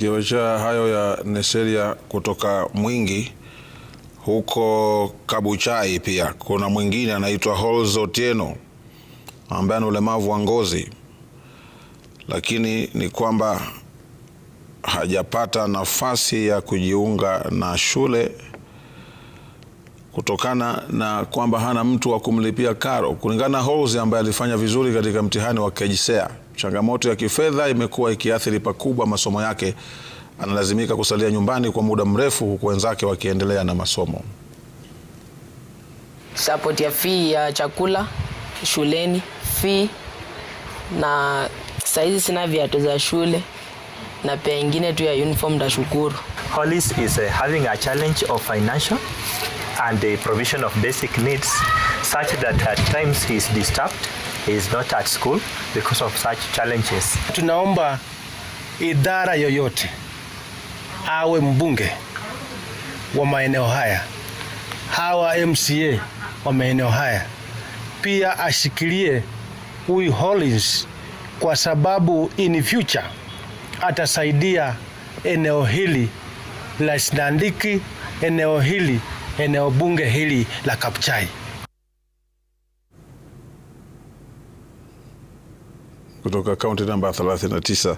Kiwanja hayo ya Neseria kutoka Mwingi huko Kabuchai. Pia kuna mwingine anaitwa Hols Otieno ambaye ana ulemavu wa ngozi, lakini ni kwamba hajapata nafasi ya kujiunga na shule kutokana na kwamba hana mtu wa kumlipia karo. Kulingana na Holes ambaye alifanya vizuri katika mtihani wa KJSEA, changamoto ya kifedha imekuwa ikiathiri pakubwa masomo yake. Analazimika kusalia nyumbani kwa muda mrefu, huku wenzake wakiendelea na masomo. Support ya fee ya chakula shuleni, fee na saizi sina viatu za shule na pengine tu ya uniform. Tashukuru. Holes is eh, having a challenge of financial and the provision of basic needs such that at times he is disturbed, he is not at school because of such challenges. Tunaomba idara yoyote awe mbunge wa maeneo haya, hawa MCA wa maeneo haya pia ashikilie huyu Hollins kwa sababu in future atasaidia eneo hili la Sinandiki, eneo hili eneo bunge hili la Kapchai. Kutoka kaunti namba 39